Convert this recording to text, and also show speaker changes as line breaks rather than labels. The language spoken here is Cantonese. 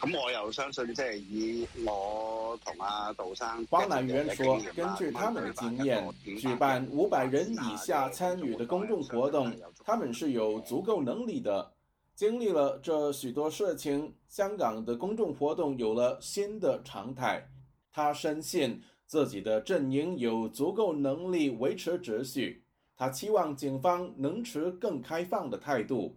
咁、嗯、我又相信，即係以我同阿杜生。黃南元說，根據他們的經驗，舉辦五百人以下參與的公眾活動，他們是有足夠能力的。經歷了這許多事情，香港的公眾活動有了新的常態。他深信自己的陣營有足夠能力維持秩序。他期望警方能持更開放的態度。